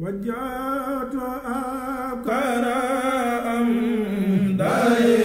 وجعت أبكر أمداي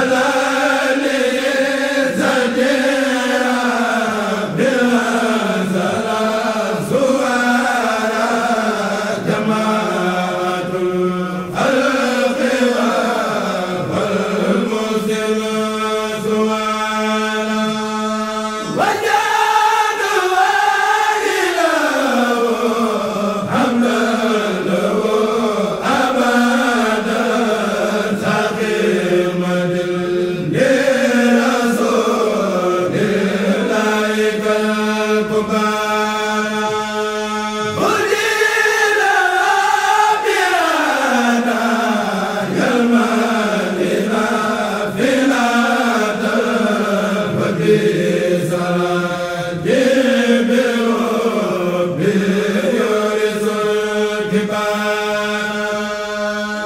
la